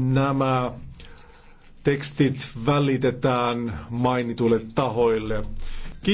Nämä tekstit välitetään mainituille tahoille.